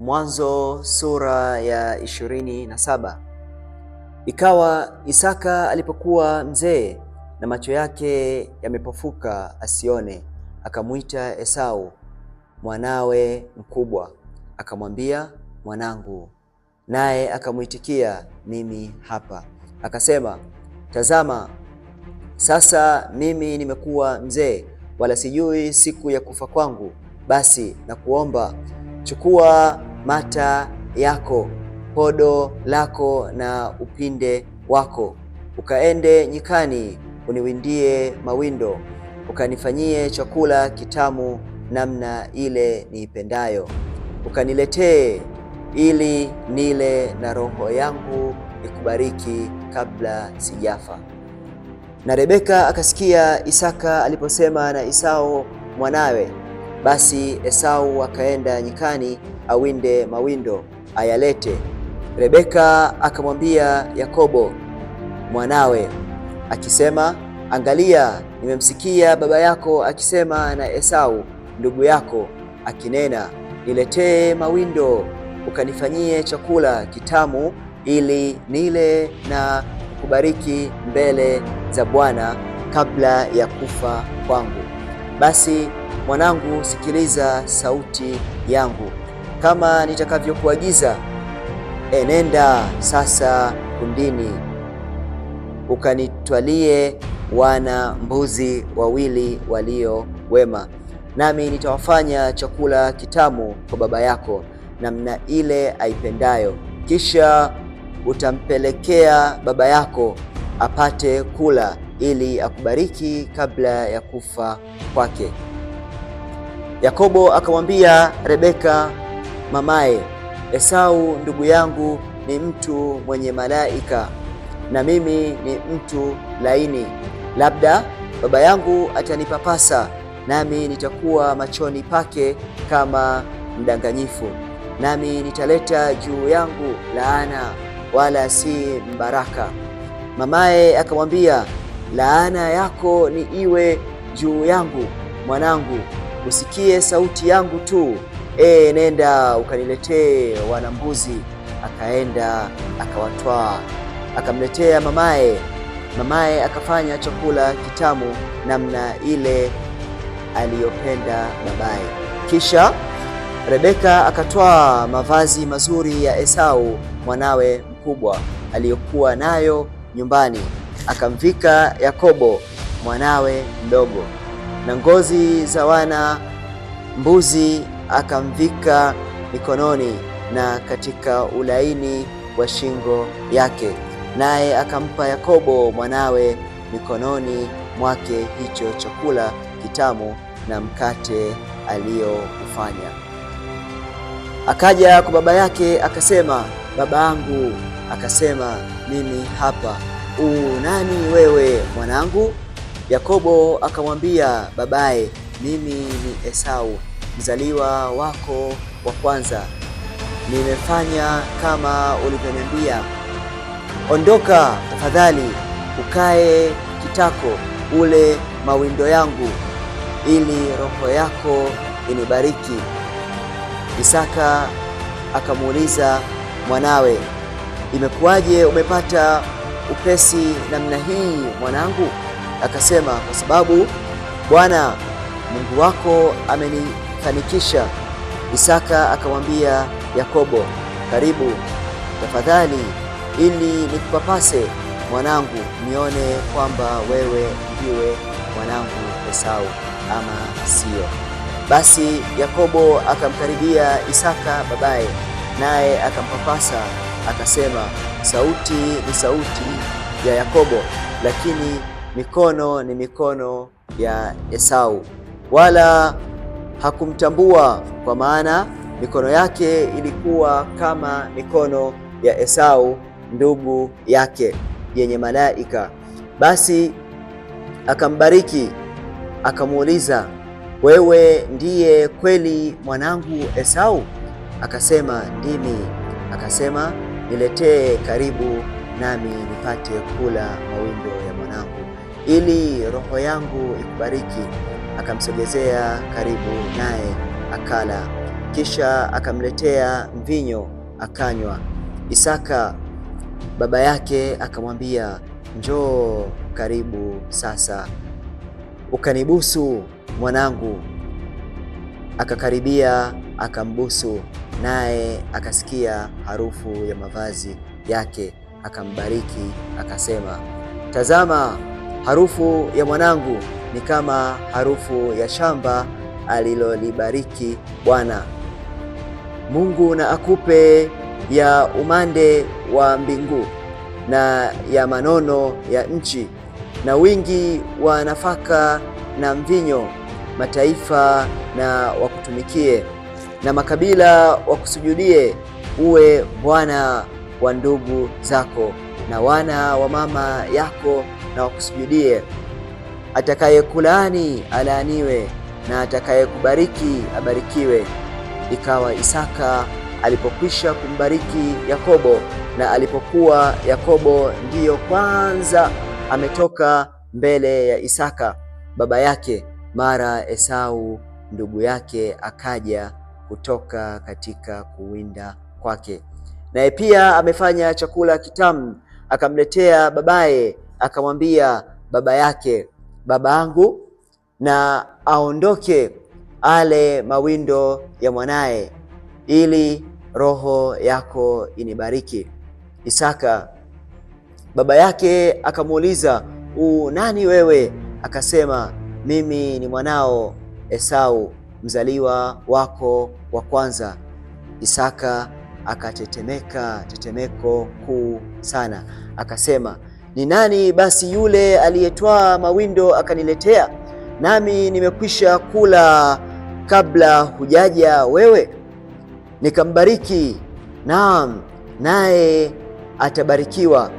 Mwanzo sura ya ishirini na saba. Ikawa Isaka alipokuwa mzee na macho yake yamepofuka asione, akamwita Esau mwanawe mkubwa, akamwambia mwanangu, naye akamwitikia mimi hapa. Akasema, tazama sasa mimi nimekuwa mzee, wala sijui siku ya kufa kwangu, basi nakuomba chukua mata yako, podo lako na upinde wako, ukaende nyikani, uniwindie mawindo, ukanifanyie chakula kitamu namna ile niipendayo, ukaniletee ili nile na roho yangu ikubariki kabla sijafa. Na Rebeka akasikia Isaka aliposema na isau mwanawe. Basi Esau akaenda nyikani awinde mawindo ayalete. Rebeka akamwambia Yakobo mwanawe akisema, angalia, nimemsikia baba yako akisema na Esau ndugu yako akinena, niletee mawindo ukanifanyie chakula kitamu, ili nile na kubariki mbele za Bwana kabla ya kufa kwangu. Basi mwanangu, sikiliza sauti yangu kama nitakavyokuagiza. Enenda sasa kundini, ukanitwalie wana mbuzi wawili walio wema, nami nitawafanya chakula kitamu kwa baba yako namna ile aipendayo. Kisha utampelekea baba yako apate kula, ili akubariki kabla ya kufa kwake. Yakobo akamwambia Rebeka mamaye, Esau ndugu yangu ni mtu mwenye malaika na mimi ni mtu laini, labda baba yangu atanipapasa, nami nitakuwa machoni pake kama mdanganyifu, nami nitaleta juu yangu laana, wala si mbaraka. Mamaye akamwambia, laana yako ni iwe juu yangu mwanangu, usikie sauti yangu tu, e, nenda ukaniletee wanambuzi. Akaenda akawatwaa akamletea mamaye, mamaye akafanya chakula kitamu namna ile aliyopenda babaye. Kisha Rebeka akatwaa mavazi mazuri ya Esau mwanawe mkubwa aliyokuwa nayo nyumbani, akamvika Yakobo mwanawe mdogo na ngozi za wana mbuzi akamvika mikononi na katika ulaini wa shingo yake, naye akampa Yakobo mwanawe mikononi mwake hicho chakula kitamu na mkate aliyoufanya. Akaja kwa baba yake akasema, baba yangu. Akasema, mimi hapa. U nani wewe mwanangu? Yakobo akamwambia babaye, mimi ni Esau mzaliwa wako wa kwanza. Nimefanya kama ulivyoniambia. Ondoka tafadhali, ukae kitako, ule mawindo yangu, ili roho yako inibariki. Isaka akamuuliza mwanawe, imekuwaje umepata upesi namna hii mwanangu? Akasema, kwa sababu Bwana Mungu wako ameni akanikisha. Isaka akamwambia Yakobo, karibu tafadhali, ili nikupapase mwanangu, nione kwamba wewe ndiwe mwanangu Esau ama sio. Basi Yakobo akamkaribia Isaka babaye, naye akampapasa, akasema, sauti ni sauti ya Yakobo, lakini mikono ni mikono ya Esau. Wala hakumtambua kwa maana mikono yake ilikuwa kama mikono ya Esau ndugu yake yenye malaika. Basi akambariki akamuuliza, wewe ndiye kweli mwanangu Esau? Akasema, ndimi. Akasema, niletee karibu, nami nipate kula mawindo ya mwanangu, ili roho yangu ikubariki akamsogezea karibu naye akala, kisha akamletea mvinyo akanywa. Isaka baba yake akamwambia, njoo karibu sasa ukanibusu mwanangu. Akakaribia akambusu, naye akasikia harufu ya mavazi yake, akambariki akasema, tazama harufu ya mwanangu ni kama harufu ya shamba alilolibariki Bwana. Mungu na akupe ya umande wa mbingu na ya manono ya nchi na wingi wa nafaka na mvinyo, mataifa na wakutumikie na makabila wakusujudie. Uwe Bwana wa ndugu zako na wana wa mama yako na wakusujudie. Atakayekulaani alaaniwe na atakayekubariki abarikiwe. Ikawa Isaka alipokwisha kumbariki Yakobo na alipokuwa Yakobo ndiyo kwanza ametoka mbele ya Isaka baba yake, mara Esau ndugu yake akaja kutoka katika kuwinda kwake, naye pia amefanya chakula kitamu akamletea babaye akamwambia baba yake, baba yangu, na aondoke ale mawindo ya mwanaye, ili roho yako inibariki. Isaka baba yake akamuuliza, u nani wewe? Akasema, mimi ni mwanao Esau mzaliwa wako wa kwanza. Isaka akatetemeka tetemeko kuu sana, akasema ni nani basi yule aliyetwaa mawindo akaniletea, nami nimekwisha kula kabla hujaja wewe? Nikambariki, naam, naye atabarikiwa.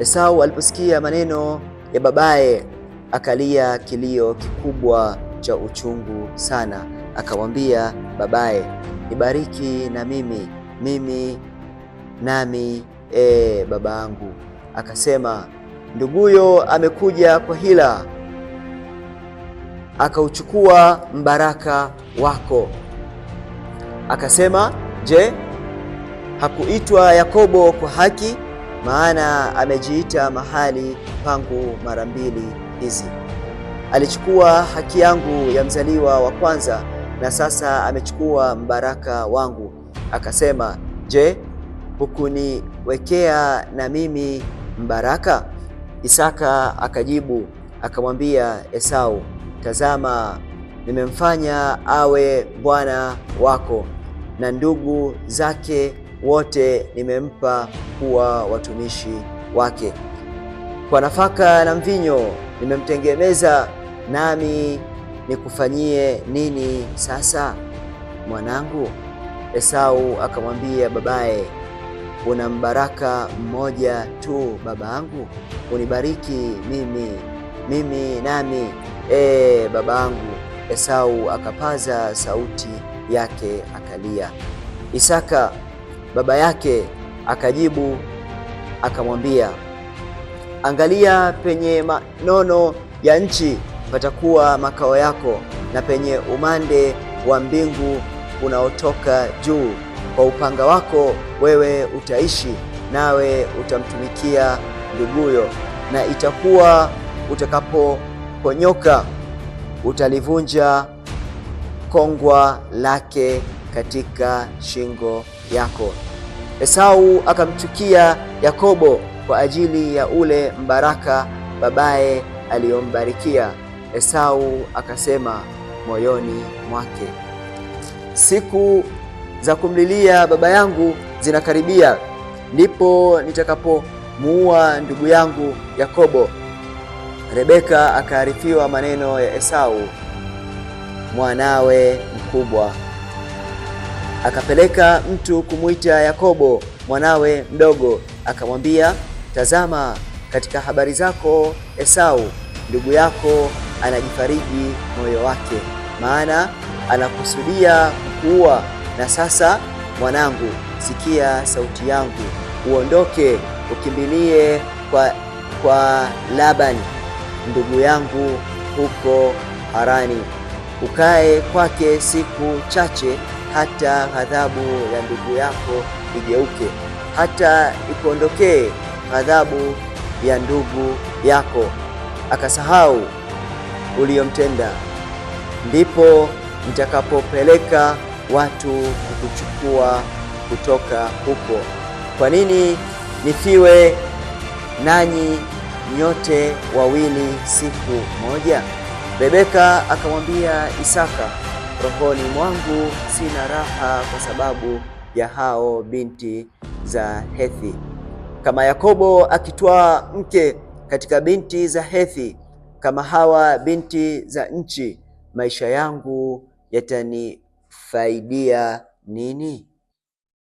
Esau aliposikia maneno ya babaye akalia kilio kikubwa cha uchungu sana, akamwambia babaye, nibariki na mimi mimi nami, e, babangu akasema, nduguyo amekuja kwa hila, akauchukua mbaraka wako. Akasema, je, hakuitwa Yakobo kwa haki? Maana amejiita mahali pangu mara mbili hizi. Alichukua haki yangu ya mzaliwa wa kwanza, na sasa amechukua mbaraka wangu. Akasema, je, hukuniwekea na mimi mbaraka? Isaka akajibu akamwambia Esau, tazama, nimemfanya awe bwana wako na ndugu zake wote nimempa kuwa watumishi wake. Kwa nafaka na mvinyo nimemtengemeza, nami nikufanyie nini sasa mwanangu? Esau akamwambia babaye una mbaraka mmoja tu baba yangu, unibariki mimi mimi nami, e baba yangu. Esau akapaza sauti yake akalia. Isaka baba yake akajibu akamwambia, angalia, penye manono ya nchi patakuwa makao yako, na penye umande wa mbingu unaotoka juu kwa upanga wako wewe utaishi, nawe utamtumikia nduguyo, na itakuwa utakapoponyoka utalivunja kongwa lake katika shingo yako. Esau akamchukia Yakobo kwa ajili ya ule mbaraka babaye aliyombarikia. Esau akasema moyoni mwake, siku za kumlilia baba yangu zinakaribia, ndipo nitakapomuua ndugu yangu Yakobo. Rebeka akaarifiwa maneno ya Esau mwanawe mkubwa, akapeleka mtu kumwita Yakobo mwanawe mdogo, akamwambia, tazama, katika habari zako Esau ndugu yako anajifariji moyo wake, maana anakusudia kukuua na sasa mwanangu, sikia sauti yangu, uondoke ukimbilie kwa, kwa Labani ndugu yangu huko Harani, ukae kwake siku chache, hata ghadhabu ya ndugu yako igeuke, hata ikuondokee ghadhabu ya ndugu yako akasahau uliyomtenda. Ndipo nitakapopeleka watu kukuchukua kutoka huko. Kwa nini nifiwe nanyi nyote wawili siku moja? Rebeka akamwambia Isaka, rohoni mwangu sina raha kwa sababu ya hao binti za Hethi. Kama Yakobo akitwaa mke katika binti za Hethi, kama hawa binti za nchi, maisha yangu yatani faidia nini?